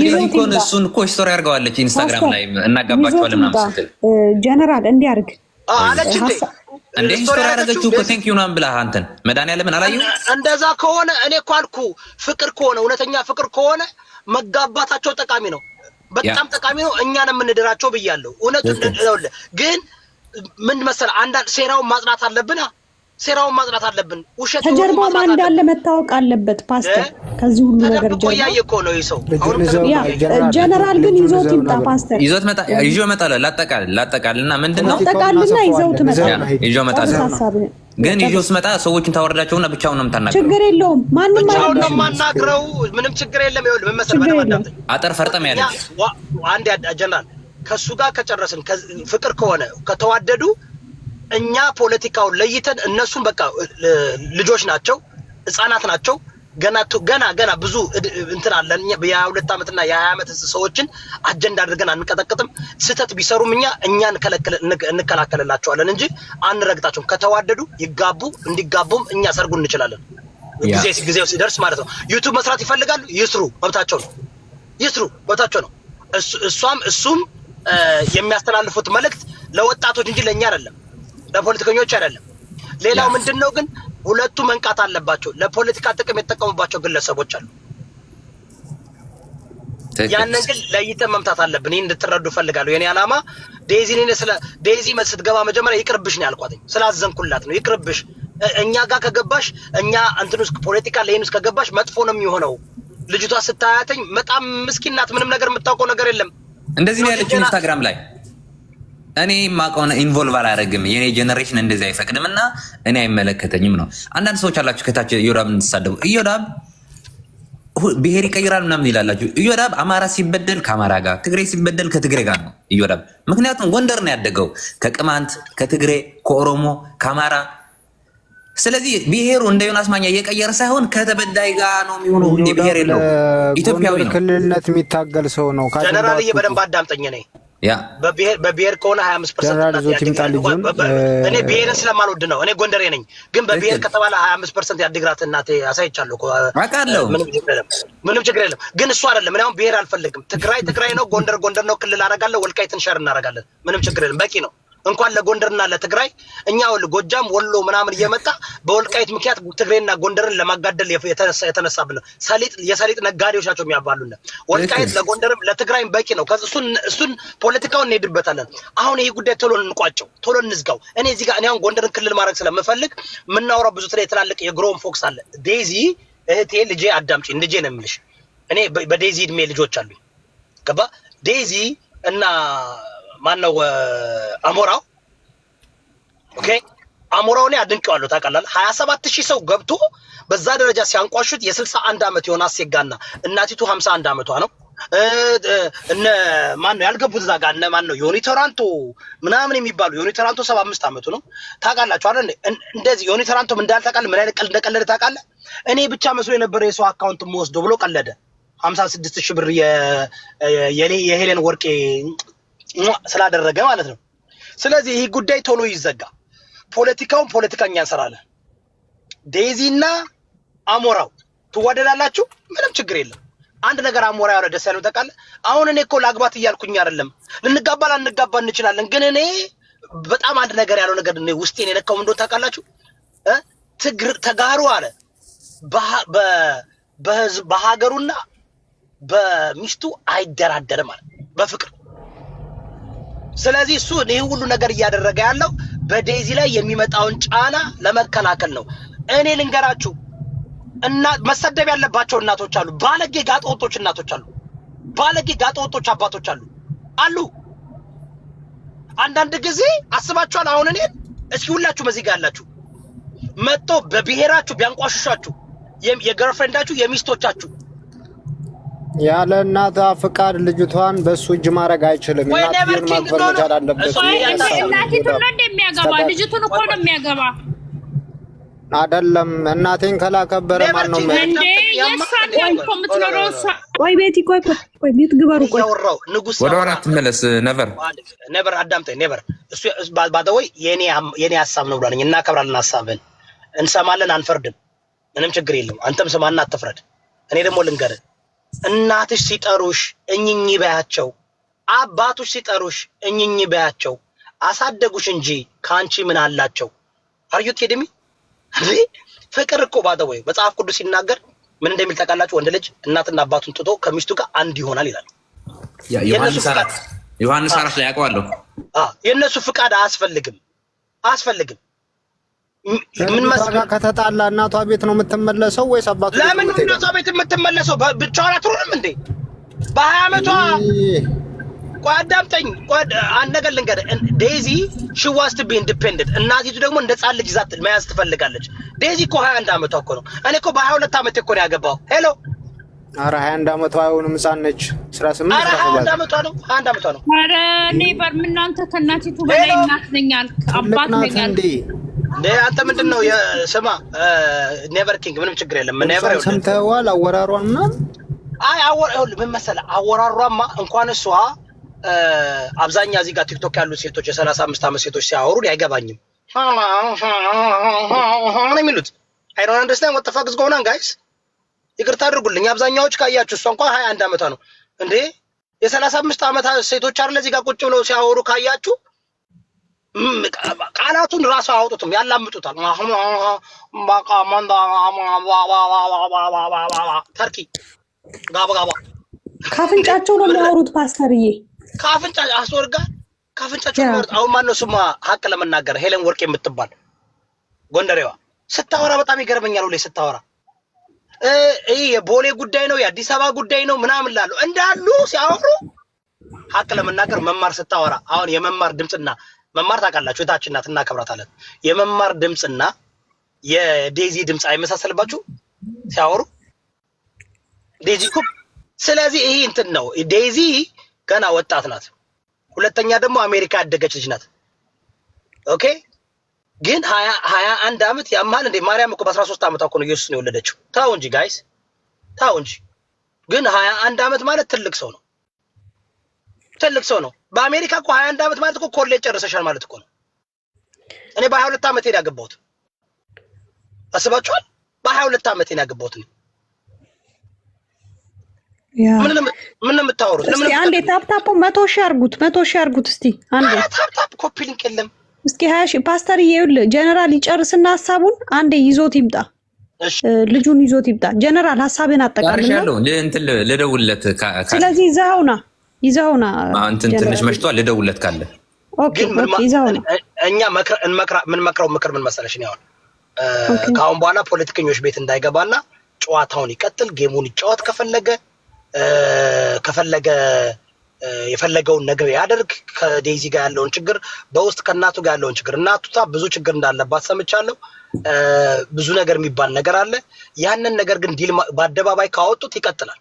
ሊዚኮን እሱን እኮ ስቶሪ አድርገዋለች ኢንስታግራም ላይ እናጋባቸዋለን ምናምን ስትል ጀነራል እንዲያርግ እንዴ ስቶሪ አደረገችው እኮ ቴንክ ዩ ናም ብላ አንተን መድኃኒዓለምን አላየሁም። እንደዛ ከሆነ እኔ እኮ አልኩህ፣ ፍቅር ከሆነ እውነተኛ ፍቅር ከሆነ መጋባታቸው ጠቃሚ ነው፣ በጣም ጠቃሚ ነው። እኛን የምንድራቸው ብያለሁ። እውነቱን ግን ምን መሰለህ፣ አንዳንድ ሴራውን ማጽናት አለብን። ሴራውን ማጽዳት አለብን። ውሸት ከጀርባ ማን እንዳለ መታወቅ አለበት። ፓስተር ከዚህ ሁሉ ነገር ጀርባ ጀነራል ግን ይዞት ይምጣ። ፓስተር ይዞት መጣ ይዞ መጣለ ላጠቃል ላጠቃል እና ምንድን ነው ላጠቃልና ይዘውት መጣ። ይዞ መጣለ ግን ይዞ ስመጣ ሰዎችን ታወርዳቸውና ብቻውን ነው የምታናግረው። ችግር የለውም ማንም ብቻውን ነው የማናግረው። ምንም ችግር የለም። ይኸውልህ ምን መሰለህ በደምብ አጠር ፈርጠም ያለች አንድ ጀነራል ከእሱ ጋር ከጨረስን ፍቅር ከሆነ ከተዋደዱ እኛ ፖለቲካውን ለይተን እነሱም በቃ ልጆች ናቸው፣ ህጻናት ናቸው። ገና ገና ገና ብዙ እንትን አለን። የሀያ ሁለት ዓመትና የሀያ ዓመት ሰዎችን አጀንዳ አድርገን አንቀጠቅጥም። ስህተት ቢሰሩም እኛ እኛ እንከላከልላቸዋለን እንጂ አንረግጣቸውም። ከተዋደዱ ይጋቡ፣ እንዲጋቡም እኛ ሰርጉ እንችላለን። ጊዜ ጊዜው ሲደርስ ማለት ነው። ዩቱብ መስራት ይፈልጋሉ፣ ይስሩ፣ መብታቸው ነው። ይስሩ፣ መብታቸው ነው። እሷም እሱም የሚያስተላልፉት መልእክት ለወጣቶች እንጂ ለእኛ አይደለም። ለፖለቲከኞች አይደለም። ሌላው ምንድን ነው ግን ሁለቱ መንቃት አለባቸው። ለፖለቲካ ጥቅም የተጠቀሙባቸው ግለሰቦች አሉ። ያንን ግን ለይተን መምታት አለብን። ይህ እንድትረዱ እፈልጋለሁ። የኔ ዓላማ ዴዚን ስለ ዴዚ ስትገባ መጀመሪያ ይቅርብሽ ነው ያልኳትኝ። ስላዘንኩላት ነው ይቅርብሽ። እኛ ጋር ከገባሽ እኛ እንትን ውስጥ ፖለቲካ ለይን ውስጥ ከገባሽ መጥፎ ነው የሚሆነው። ልጅቷ ስታያተኝ በጣም ምስኪናት፣ ምንም ነገር የምታውቀው ነገር የለም። እንደዚህ ነው ያለችው ኢንስታግራም ላይ እኔ የማውቀውን ኢንቮልቭ አላደርግም። የኔ ጀኔሬሽን እንደዚህ አይፈቅድም እና እኔ አይመለከተኝም ነው። አንዳንድ ሰዎች አላችሁ ከታች እዮዳብ እንትሳደቡ እዮዳብ ብሔር ይቀይራል ምናምን ይላላችሁ። እዮዳብ አማራ ሲበደል ከአማራ ጋር፣ ትግሬ ሲበደል ከትግሬ ጋር ነው እዮዳብ። ምክንያቱም ጎንደር ነው ያደገው ከቅማንት ከትግሬ ከኦሮሞ ከአማራ ስለዚህ ብሔሩ እንደ ዮናስ ማኛ እየቀየረ ሳይሆን ከተበዳይ ጋር ነው የሚሆነው። እንደ ብሔር የለው። ኢትዮጵያዊ ነው። ክልልነት የሚታገል ሰው ነው። ጀነራል በደንብ አዳምጠኝ። እኔ በብሔር ከሆነ ሀያ አምስት ፐርሰንት እኔ ብሔርን ስለማልወድ ነው። እኔ ጎንደሬ ነኝ፣ ግን በብሔር ከተባለ ሀያ አምስት ፐርሰንት የአዲግራት እናቴ አሳይቻለሁ። አውቃለሁ። ምንም ችግር የለም። ግን እሱ አይደለም። እኔ አሁን ብሔር አልፈልግም። ትግራይ ትግራይ ነው፣ ጎንደር ጎንደር ነው። ክልል አደርጋለሁ። ወልቃይትን ሸር እናደርጋለን። ምንም ችግር የለም። በቂ ነው። እንኳን ለጎንደርና ለትግራይ እኛ ጎጃም፣ ወሎ ምናምን እየመጣ በወልቃይት ምክንያት ትግሬና ጎንደርን ለማጋደል የተነሳብን ሰሊጥ የሰሊጥ ነጋዴዎች ናቸው የሚያባሉን። ወልቃይት ለጎንደርም ለትግራይም በቂ ነው። እሱን ፖለቲካውን እንሄድበታለን። አሁን ይህ ጉዳይ ቶሎ እንቋጨው፣ ቶሎ እንዝጋው። እኔ እዚህ ጋር እኔ አሁን ጎንደርን ክልል ማድረግ ስለምፈልግ የምናወራው ብዙ ትላይ የተላለቀ የግሮም ፎክስ አለ። ዴዚ እህቴ፣ ልጄ አዳምጪ፣ ልጄ ነው የምልሽ። እኔ በዴዚ እድሜ ልጆች አሉኝ። ገባ ዴዚ እና ማነው አሞራው ኦኬ አሞራው እኔ አድንቀዋለሁ። ታውቃላለህ ሀያ ሰባት ሺህ ሰው ገብቶ በዛ ደረጃ ሲያንቋሹት የስልሳ አንድ ዓመት የሆነ አሴጋና እናቲቱ ሀምሳ አንድ ዓመቷ ነው። እነ ማን ነው ያልገቡት እዛ ጋር እነ ማን ነው ዮኒ ተራንቶ ምናምን የሚባሉ ዮኒ ተራንቶ ሰባ አምስት ዓመቱ ነው። ታውቃላችሁ አይደል? እንደዚህ ዮኒ ምን እንዳል ታውቃለህ፣ ምን አይነት ቀልድ እንደቀለደ ታውቃለህ? እኔ ብቻ መስሎ የነበረ የሰው አካውንት መወስዶ ብሎ ቀለደ። ሀምሳ ስድስት ሺህ ብር የሄሌን ወርቄ ስላደረገ ማለት ነው። ስለዚህ ይህ ጉዳይ ቶሎ ይዘጋ። ፖለቲካውን ፖለቲካኛ እንሰራለን። ዴዚ እና አሞራው ትዋደዳላችሁ፣ ምንም ችግር የለም። አንድ ነገር አሞራ ያለ ደስ ያለው ታውቃለህ። አሁን እኔ እኮ ለአግባት እያልኩኝ አይደለም። ልንጋባ ላንጋባ እንችላለን። ግን እኔ በጣም አንድ ነገር ያለው ነገር ውስጤን የነካው እንደሆነ ታውቃላችሁ። ትግር ተጋሩ አለ በሀገሩና በሚስቱ አይደራደርም አለ በፍቅር ስለዚህ እሱ ይህ ሁሉ ነገር እያደረገ ያለው በዴዚ ላይ የሚመጣውን ጫና ለመከላከል ነው። እኔ ልንገራችሁ እና መሰደብ ያለባቸው እናቶች አሉ። ባለጌ ጋጠወጦች እናቶች አሉ። ባለጌ ጋጠወጦች አባቶች አሉ አሉ። አንዳንድ ጊዜ አስባችኋል? አሁን እኔን እስኪ ሁላችሁ በዚህ ጋር ያላችሁ መጥቶ በብሔራችሁ ቢያንቋሽሻችሁ የገርፍሬንዳችሁ የሚስቶቻችሁ ያለ እናት ፍቃድ ልጅቷን በእሱ እጅ ማድረግ አይችልም። እናትን ማክበር መቻል አለበት። ልጅቱን እኮ ነው የሚያገባ አይደለም። እናቴን ከላከበረ ማን ነው ቆይ ቤቲ ቆይ ቆይ ቤት ግበሩ ቆይ ወደ ኋላ ትመለስ። ነበር ነበር አዳምጠኝ ነበር እሱ ባደወይ የኔ የኔ ሀሳብ ነው ብላለኝ። እናከብራለን፣ ሀሳብን እንሰማለን፣ አንፈርድም። ምንም ችግር የለም። አንተም ስማና አትፍረድ። እኔ ደግሞ ልንገርህ እናትሽ ሲጠሩሽ እኝኝ በያቸው፣ አባቶች ሲጠሩሽ እኝኝ በያቸው። አሳደጉሽ እንጂ ከአንቺ ምን አላቸው? አርዩት ሄድሚ ፍቅር እኮ ባደ ወይ መጽሐፍ ቅዱስ ሲናገር ምን እንደሚል ታውቃላችሁ? ወንድ ልጅ እናትና አባቱን ትቶ ከሚስቱ ጋር አንድ ይሆናል ይላል። ዮሐንስ አራት ላይ ያውቀዋለሁ። የእነሱ ፍቃድ አያስፈልግም አያስፈልግም ምን መስጋ ከተጣላ እናቷ ቤት ነው የምትመለሰው ወይስ አባቷ? ለምን እናቷ ቤት የምትመለሰው? ብቻዋን አትሆንም እንዴ? በሀያ አመቷ ቋዳምጠኝ አዳምጠኝ። ቆይ አንድ ነገር ልንገርህ። ዴዚ ሺ ቱ ቢ ኢንዲፔንደንት። እናቲቱ ደግሞ እንደ ህጻን ልጅ ይዛት መያዝ ትፈልጋለች። ዴዚ እኮ ሀያ አንድ አመቷ እኮ ነው። እኔ እኮ በሀያ ሁለት አመት እኮ ነው ያገባው። ሄሎ አረ ሀያ አንድ አመቷ አይሆንም፣ ህጻን ነች። አስራ ስምንት አረ ሀያ አንድ አመቷ ነው፣ ሀያ አንድ አመቷ ነው። አረ ኔበር ምናንተ ከእናቲቱ በላይ እናት ነኛል አባት ነኛል አንተ ምንድን ነው ስማ፣ ኔቨር ምንም ችግር የለም። ኔቨር ሰምተዋል። አወራሯና አይ አወራ ምን መሰለህ፣ አወራሯማ እንኳን እሷ አብዛኛ እዚህ ጋር ቲክቶክ ያሉ ሴቶች የሰላሳ አምስት ዓመት ሴቶች ሲያወሩን አይገባኝም የሚሉት አይ ዶንት አንደርስታንድ ዋት ዘ ፋክ ኢዝ ጎይንግ ኦን ጋይስ። ይቅርታ አድርጉልኝ። አብዛኛዎች ካያችሁ እሷ እንኳን ሀያ አንድ ዓመቷ ነው እንዴ የሰላሳ አምስት ዓመት ሴቶች አይደል እዚህ ጋር ቁጭ ብለው ሲያወሩ ካያችሁ ቃላቱን ራሱ አውጡትም ያላምጡታል። ተርኪ ጋባጋባ ካፍንጫቸው ነው የሚያወሩት። ፓስተርዬ ካፍንጫ አስወርጋ ካፍንጫቸው የሚያወሩት አሁን ማነው ስሟ? ሀቅ ለመናገር ሄለን ወርቅ የምትባል ጎንደሬዋ ስታወራ በጣም ይገርመኛል። ሁሌ ስታወራ ይህ የቦሌ ጉዳይ ነው የአዲስ አበባ ጉዳይ ነው ምናምን ላሉ እንዳሉ ሲያወሩ ሀቅ ለመናገር መማር ስታወራ አሁን የመማር ድምፅና መማር ታውቃላችሁ፣ እህታችን ናት እናከብራታለን። የመማር ድምፅና የዴዚ ድምፅ አይመሳሰልባችሁ ሲያወሩ ዴዚ እኮ ስለዚህ ይሄ እንትን ነው። ዴዚ ገና ወጣት ናት። ሁለተኛ ደግሞ አሜሪካ ያደገች ልጅ ናት። ኦኬ ግን ሀያ አንድ አመት ያማል እንዴ? ማርያም እኮ በአስራ ሶስት አመት እኮ ነው ኢየሱስ ነው የወለደችው። ታው እንጂ ጋይስ ታው እንጂ ግን ሀያ አንድ አመት ማለት ትልቅ ሰው ነው። ትልቅ ሰው ነው። በአሜሪካ እኮ ሀያ አንድ አመት ማለት እኮ ኮሌጅ ጨርሰሻል ማለት እኮ ነው። እኔ በሀያ ሁለት አመት ሄድ ያገባሁት አስባችኋል? በሀያ ሁለት አመት ሄድ ያገባሁት ነው። ምን የምታወሩት? አንዴ ታፕታፕ መቶ ሺህ አርጉት፣ መቶ ሺህ አርጉት። እስቲ አንዴ ታፕታፕ ኮፒ ሊንክ የለም። እስኪ ሀያ ሺህ ፓስተር ይውል ጀነራል ይጨርስና ሀሳቡን አንዴ ይዞት ይምጣ። ልጁን ይዞት ይምጣ። ጀነራል ሀሳብን አጠቃልለው ልደውልለት። ስለዚህ ዛውና ይዘውና እንትን ትንሽ መሽቷል። ልደውለት ካለ እኛ ምንመክረው ምክር ምን መሰለሽ ነው ከአሁን በኋላ ፖለቲከኞች ቤት እንዳይገባና ጨዋታውን ይቀጥል፣ ጌሙን ይጫወት። ከፈለገ ከፈለገ የፈለገውን ነገር ያደርግ። ጋር ያለውን ችግር በውስጥ ከእናቱ ጋር ያለውን ችግር እናቱታ ብዙ ችግር እንዳለባት ሰምቻለሁ። ብዙ ነገር የሚባል ነገር አለ። ያንን ነገር ግን ዲል በአደባባይ ካወጡት ይቀጥላል።